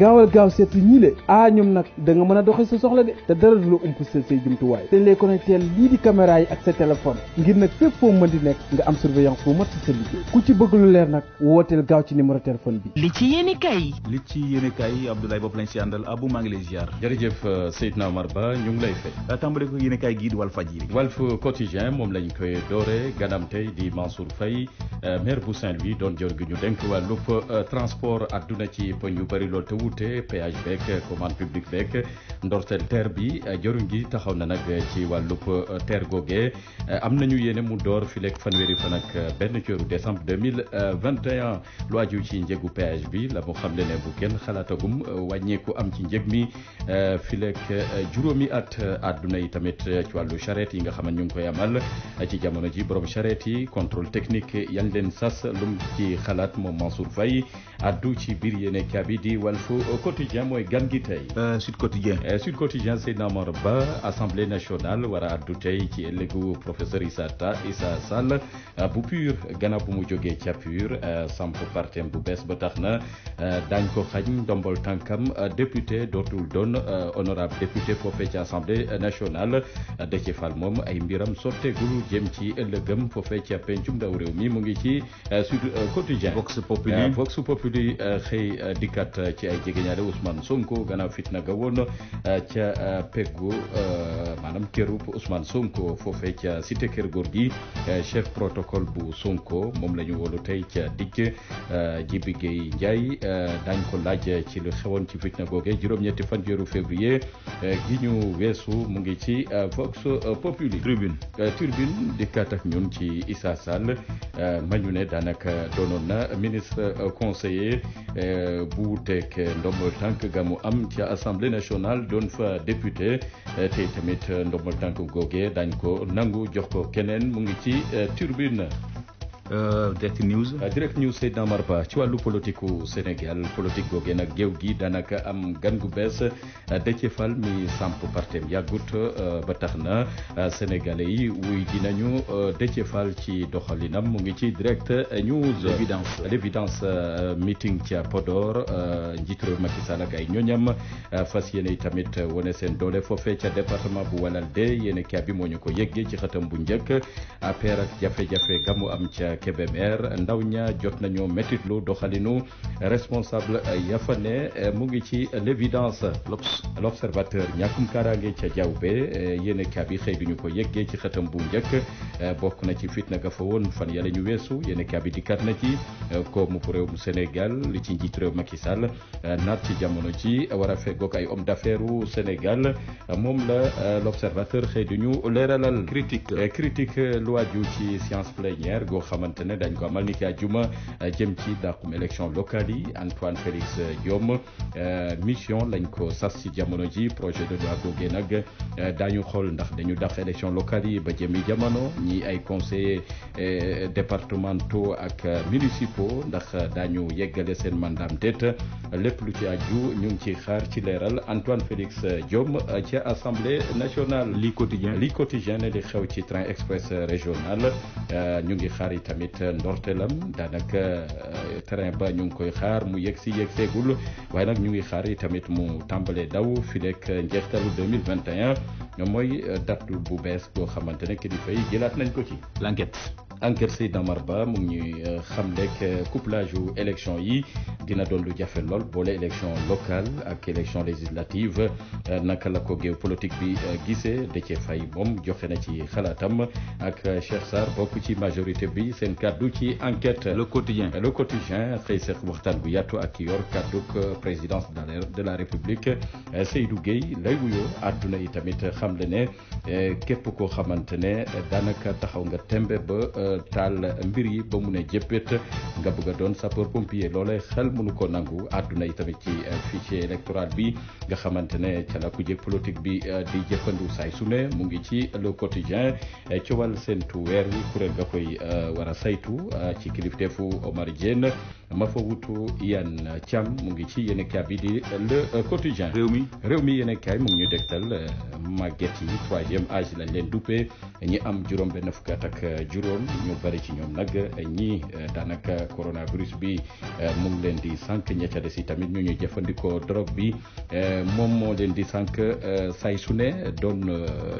gaawal gaaw seet si ñii le ah, ñoom nag da nga mën a dox sa soxla de te dara du la umpaseel say jumtuwaay dañ lay connecté lii di caméra yi ak sa téléphone ngir nag fépp foo mën di nekk nga am surveillance bu mat sa liggéey ku ci bëgg lu leer nag wooteel gaaw ci numéro téléphone bi li ci yéeni kay li ci yéeni kay Abdoulaye bopp lañ si àndal Abou maa ngi lay ziar jërëjëf euh, Seydina Omar Ba ñu ngi lay fay tàmbale ko yéeni kay gii di Walf Fadjri Walf Quotidien moom la koy doore ganam tey di Mansour Faye euh, maire bu Saint-Louis doon ñu dénk wàllub euh, transport adduna ci pëñ yu bëri lool wute péage beeg commande publique beeg ndorteel TER bi jëruñ gi taxaw na nag ci wàllub euh, TER googee euh, am nañu yéene mu door fileeg fanweeri fan ak euh, benn ci weeru décembre 2021 lu aju ci njëgu péage bi la mu xam ne bu kenn xalaatagum wàññeeku am ci njëg mi fileeg juróomi at adduna yi tamit ci wàllu charrette yi nga xam ne ñu ngi koy amal ci jamono ji boroom charrette yi contrôle technique yañ leen sas lum ci xalaat moom Mansour Faye addu ci biir yéenekaay bi di fu Quotidien mooy gan gi tey. Euh, Sud Quotidien. Euh, Sud Quotidien Seydina Ba assemblée nationale war a addu tey ci ëllëgu professeur Issa Ta Issa Sall euh, bu PUR gannaaw bu mu jógee ca PUR samp partem bu bees ba tax na daañ ko xañ ndombol tànkam député dootul doon honorable député foofee ci assemblée nationale da ci fal moom ay mbiram sotteegul jëm ci ëllëgëm foofee ca pencum ndaw réew mi mu ngi ci Sud Populi. waxtu di eh, xëy eh, dikkat eh, ci ay jegeñaale Ousmane Sonko gannaaw fitna ga ca peggu maanaam kërub Sonko foofee ca cité kër góor gi chef protocole bu Sonko moom la ñu wolu tey ca digg Jibi Gueye Ndiaye daañ ko laaj ci lu xewoon ci fitna googe juróom-ñetti fan weeru février gi ñu weesu mu ngi ci Vox Populi Tribune Tribune ñun ci Issa Sall ne daanaka doonoon na ministre conseiller conseiller eh, bu teg eh, ndombal tànk ga mu am ci assemblée nationale don fa député eh, te tamit ndombal tànk googee dañ ko nangu jox ko keneen mu ngi ci turbine Euh, direct news. Euh, direct news Seydina Omar Ba ci wàllu politique Sénégal politique googee nag géew gi daanaka am gan gu bees euh, Déthié Fall mi samp partem yàggut ba tax na sénégalais yi wuy dinañu Déthié Fall ci doxalinam mu ngi ci direct news. l'évidence l'évidence meeting ca Podor njiitu réew Macky Sall ak ay ñoñam fas yéene tamit wane seen doole foofee ca département bu Walal de yéen a bi moo ñu ko yëggee ci xatam bu njëkk APR ak jafe-jafe gamu am ca. Kébémer ndaw ña jot nañu métitlu doxalinu responsable ya fa mu ngi ci l'évidence l'observateur ñàkkum kaaraange ca jaww be yéen kaabi xëy ñu ko yëggee ci xëtam bu njëkk bokk na ci fitna ga fa woon fan yàlla ñu weesu yéen kaabi dikkat na ci koomu réew mu Sénégal li ci njiit réew Macky Sall ci jamono ci war a feggoog ay homme d'affaires u Sénégal moom la l'observateur xëy duñu leeralal critique critique lu waaju ci science plénière xamante ne dañ ko amal ni ki àjjuma euh, jëm ci dàqum élection locale yi Antoine Félix euh, Diome euh, mission lañ ko sas ci jamono ji projet de loi googee nag daañu xool ndax dañu dàq élection locale yi ba jëmi jamono ñi ay conseillers départementaux ak municipaux ndax daañu yeggale seen mandaam déet lépp lu ci aju ñu ngi ci xaar ci leeral Antoine Félix Diome ci assemblée nationale. li quotidien li quotidien ne li xew ci train express régional ñu ngi xaar itam tamit euh, ndorteelam daanaka euh, terrain ba ñu ngi koy xaar mu yegg si yegg waaye nag ñu ngi xaar tamit mu tàmbalee daw fi nekk njeextalu 2021 mooy euh, date bu bees boo xamante ne kilifa yi jëlaat nañ ko ci l'enquête enquête Seydina Omar Ba mu ñu xam rek couplage yu élection yi dina doon lu jafe lool boole élection locale ak élection législative euh, naka la ko géopolitique bi euh, gisee Déthié Faye moom joxe na ci xalaatam ak euh, Cheikh Sarr bokk ci majorité bi seen kàddu ci enquête. le quotidien le quotidien xëy seq waxtaan bu yaatu ak yor kàdduk présidence de la république Seydou Gueye lay wuyoo àdduna yi tamit xam le ne képp koo xamante ne daanaka taxaw nga tembe taal mbir yi ba mu ne jëppét nga bëgg a doon sapeur pompier loolee xel mënu ko nangu àdduna yi tamit ci euh, fichier électoral bi nga xamante ne ca la ku jëg politique bi euh, di jëfandu saay su ne mu ngi ci le quotidien euh, ci wàll seentu weer wi kuréel ga koy war a saytu ci kilifteefu Omar Diène ma fa wutu yan Thiam mu ngi ci yéen kaay bi di le quotidien réew mi réew mi yéen kaay mu ngi ñu dégtal màgget yi troisième âge lañ leen duppee ñi am juróom benn fukk ak juróom ñu bëri ci ñoom nag ñii daanaka coronavirus bi mu ngi leen di sànq ña ca des tamit ñu ñuy jëfandikoo drogue bi moom moo leen di sànq say su ne doon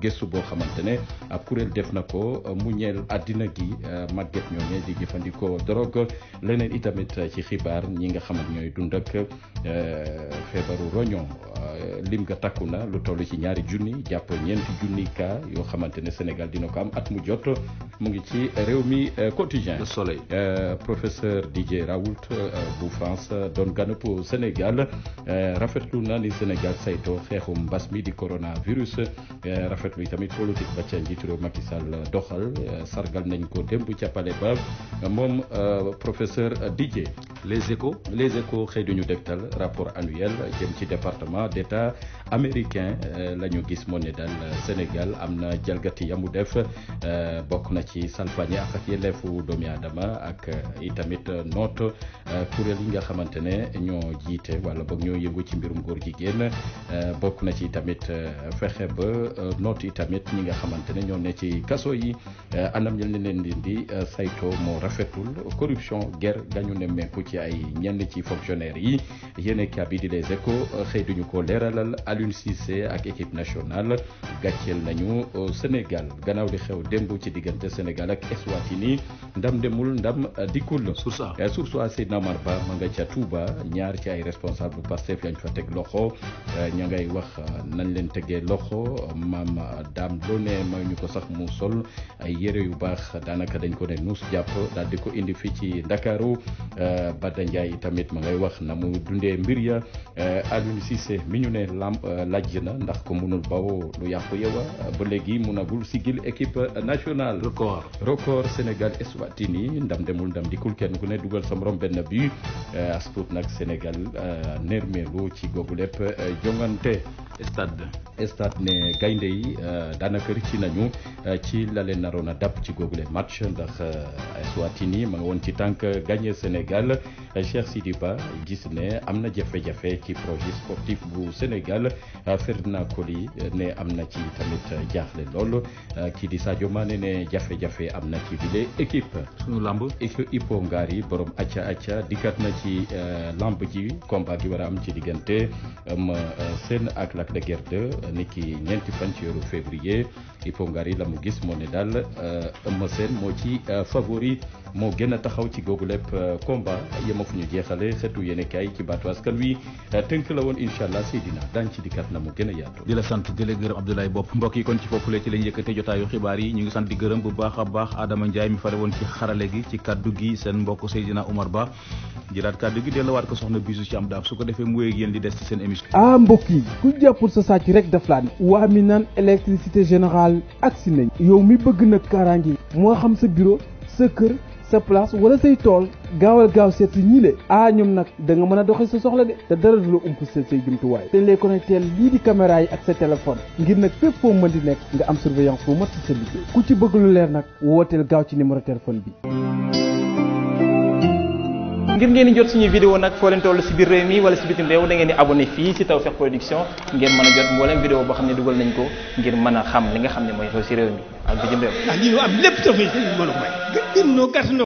gëstu boo xamante ne ab kuréel def na ko mu ñeel àddina gi màgget ñooñee di jëfandikoo drogue leneen itamit ci xibaar ñi nga xam ñooy dund ak feebaru roño lim nga takku na lu toll ci ñaari junni jàpp ñeenti junni cas yoo xamante ne Sénégal dina ko am at mu jot mu ngi ci réew mi euh, quotidien le soleil euh, professeur Didier Raoult euh, bu France doon ganap Sénégal rafetlu na ni Sénégal saytoo xeexu mbas mi di coronavirus rafetlu tamit politique ba ca njiitu réew Macky doxal sargal nañ ko démb ca ba moom professeur Didier les échos les échos xëy duñu dégtal rapport annuel jëm ci département des état américain euh, la gis moo ne daal euh, Sénégal am na jalgati yamu def euh, bokk na ci salfañe ak ak yelleefu doomi aadama ak itamit noot kuréel yi nga xamante ne ñoo jiite wala boog ñoo yëngu ci mbirum góor jigéen bokk na ci tamit fexe ba noot yi tamit ñi nga xamante ne ñoo ci kaso yi anam yal na leen di di sayto rafetul corruption guerre gañu ne meeku ci ay ñenn ci fonctionnaire yi yéen a kii les échos xëy ko leer leeralal Aliou Cissé ak équipe nationale gàcceel nañu euh, Sénégal gannaaw li xew démb ci diggante Sénégal ak Eswatini ndam demul ndam euh, dikkul. Euh, Source A Source A Seydina Omar Ba ma nga ca Touba ñaar ci ay responsable Pastef yañ fa teg loxo ña ngay wax nañ leen tege loxo maam daam loo ne may ñu ko sax mu sol ay yére yu baax daanaka dañ ko ne nuus jàpp daal di ko indi fii ci Ndakaaru Bada Ndiaye tamit ma ngay wax na mu dundee mbir ya Aliou bi ñu ne làmp euh, laaj na ndax ko mënul bawoo lu yàqu yow euh, ba léegi mënagul sigil équipe euh, nationale. record record Sénégal Eswatini ndam demul ndam dikul kenn ku ne dugal sa morom benn bi as tuut nag Sénégal nermeelu ci googu lépp jongante. stade stade ne gaynde yi euh, daanaka rëcc nañu euh, ci la leen naroon a ci googule match ndax euh, Eswatini ma nga woon ci tànk gagné Sénégal Cheikh Sidi gis ne am na jafe-jafe ci projet sportif bu Sénégal Ferdinand Coly ne am na ci tamit jaaxle lool kii di Sadio Mané ne jafe-jafe am na ci bile équipe. sunu lamb équipe Ipo Ngari acca acca dikkat na ci lamb ji combat bi war am ci diggante seen ak la. Lac de Guiers 2 ni ki ñeenti fan ci weeru février Ipo Ngari la mu gis moo ne daal Eumeu Sène moo ci euh, favori moo gën a taxaw ci googu lépp euh, combat yema fu ñu jeexale xetu yéene kaay ci baatu askan wi euh, tënk la woon incha allah Seydina daañu ci dikkat na mu gën a yaatu. di la sant di la gërëm Abdoulaye Bopp mbokk yi kon ci foofule ci lañ yëkkate jotaayu xibaar yi ñu ngi sant di gërëm bu baax a baax Adama Ndiaye mi fare woon ci xarale gi ci kaddu gi seen mbokk Seydina Omar Ba jëlaat kaddu gi waat ko soxna bisu ci am daaf su ko defee mu wéy ak yéen des seen émission. ah mbokk yi sa sàcc rek daf laa ne. mi naan électricité générale agsi nañ yow mi bëgg nag kaaraange moo xam sa bureau sa kër sa place wala say tool gaawal gaaw seet si ñii le ah ñoom nag da nga mën a doxee sa soxla de te dara du la ump seet say jumtuwaay dañ lay connecté lii di caméra yi ak sa téléphone ngir nag fépp foo mën di nekk nga am surveillance ci bëgg lu leer bi ngir ngeen di jot suñu vidéo nag foo leen toll si biir réew mi wala si bitim réew da ngeen di abonné fii si Tawfekh Production ngeen mën a jot mboolem vidéo boo xam ne dugal nañ ko ngir mën a xam li nga xam ne mooy xew si réew